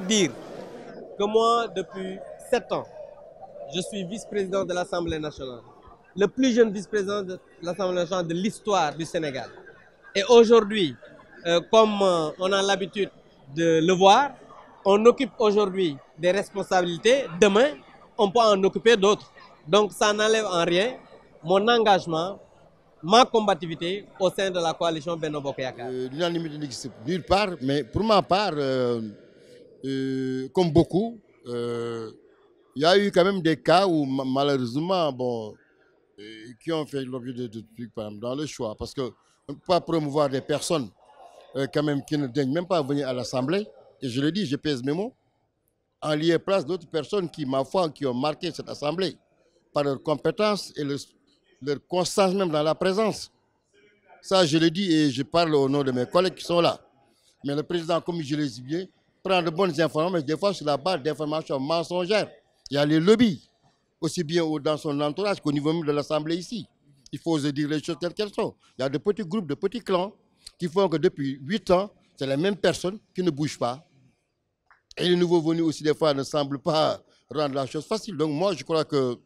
dire que moi, depuis sept ans, je suis vice-président de l'Assemblée nationale, le plus jeune vice-président de l'Assemblée nationale de l'histoire du Sénégal. Et aujourd'hui, euh, comme euh, on a l'habitude de le voir, on occupe aujourd'hui des responsabilités, demain, on peut en occuper d'autres. Donc ça n'enlève en rien mon engagement, ma combativité au sein de la coalition Benobo Euh, n'existe nulle part, mais pour ma part, euh, euh, comme beaucoup, euh, il y a eu quand même des cas où malheureusement, bon, euh, qui ont fait l'objet de, de, trucs, dans le choix, parce qu'on ne peut pas promouvoir des personnes quand même qui ne daignent même pas venir à l'Assemblée, et je le dis, je pèse mes mots, en lieu place d'autres personnes qui, ma foi, qui ont marqué cette Assemblée par leur compétences et leur, constance même dans la présence. Ça, je le dis et je parle au nom de mes collègues qui sont là. Mais le président, comme je l'ai dit bien, prendre de bonnes informations, mais des fois sur la base d'informations mensongères. Il y a les lobbies, aussi bien dans son entourage qu'au niveau même de l'Assemblée ici. Il faut oser dire les choses telles qu'elles sont. Il y a de petits groupes, de petits clans qui font que depuis 8 ans, c'est la même personne qui ne bouge pas. Et les nouveaux venus aussi, des fois, ne semblent pas rendre la chose facile. Donc moi, je crois que,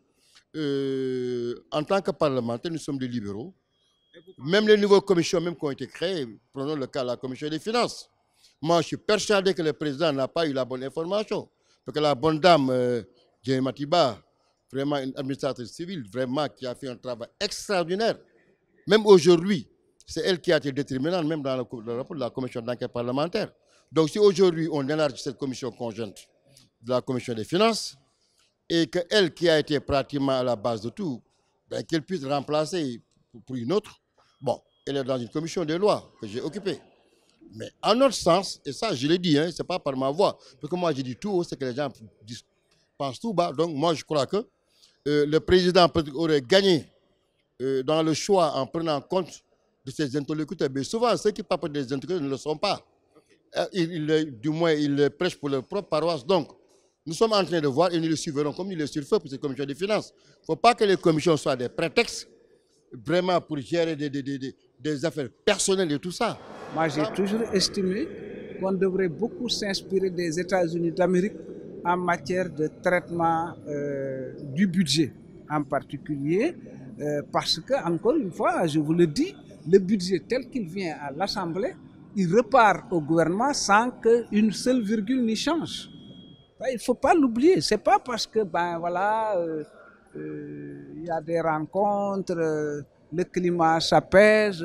euh, en tant que parlementaire, nous sommes des libéraux. Même les nouvelles commissions même qui ont été créées, prenons le cas de la commission des finances. Moi, je suis persuadé que le président n'a pas eu la bonne information. Parce que la bonne dame, euh, Matiba, vraiment une administratrice civile, vraiment qui a fait un travail extraordinaire. Même aujourd'hui, c'est elle qui a été déterminante, même dans le, rapport de la commission d'enquête parlementaire. Donc si aujourd'hui on élargit cette commission conjointe de la commission des finances, et qu'elle qui a été pratiquement à la base de tout, ben, qu'elle puisse remplacer pour une autre, bon, elle est dans une commission des lois que j'ai occupée. Mais en notre sens, et ça je l'ai dit, hein, ce n'est pas par ma voix, parce que moi j'ai dit tout c'est que les gens pensent tout bas. Donc moi je crois que euh, le président aurait gagné euh, dans le choix en prenant compte de ses interlocuteurs. Mais souvent, ceux qui parlent des interlocuteurs ne le sont pas. Euh, du moins, ils prêchent pour leur propre paroisse. Donc, nous sommes en train de voir et nous le suivrons comme nous le suivons pour ces commissions des finances. Il ne faut pas que les commissions soient des prétextes vraiment pour gérer des, des affaires personnelles et tout ça. Moi, j'ai toujours estimé qu'on devrait beaucoup s'inspirer des États-Unis d'Amérique en matière de traitement euh, du budget en particulier, euh, parce que, encore une fois, je vous le dis, le budget tel qu'il vient à l'Assemblée, il repart au gouvernement sans qu'une seule virgule n'y change. Ben, il ne faut pas l'oublier. Ce n'est pas parce que, ben voilà, euh, il y a des rencontres, le climat s'apaise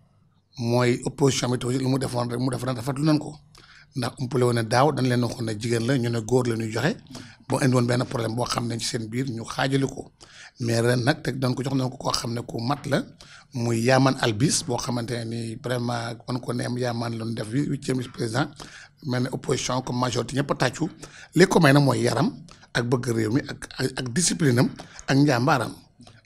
mooy opposition bi tamit lu mu defoon rek mu def ren rafetlu nan ko ndax umpale woon ne daaw dañ leen waxoon ne jigéen la ñu ne góor la ñuy joxe boo indi benn problème boo xam ne ci seen biir ñu xaajali ko mais ren na teg dañ ko jox nañ ko koo xam ne ku mat la muy Yaaman Albis boo xamante ne ni vraiment man ko neem Yaaman la ñu def huitième vice président mel ne opposition comme majorité ñëpp a tàccu li ko may na mooy yaram ak bëgg réew mi ak ak discipline am ak njàmbaaram.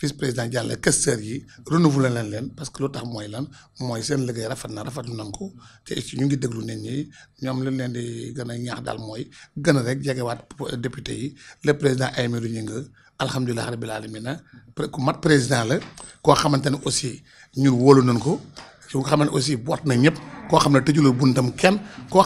vice président Diallo questeur yi renouveler leen leen parce que lu tax mooy lan mooy seen liggéey rafet na rafetlu nañ ko te ci ñu ngi déglu neen ñi ñoom lañ leen di gën a ñaax daal mooy gën a rek jegewaat député yi le président Aymérou Gningue alhamdulilah rabil alamina ku mat président la koo xamante ne aussi ñun woolu nañ ko su nga xam ne aussi boot na ñëpp koo xam ne tëjulul buntam kenn koo.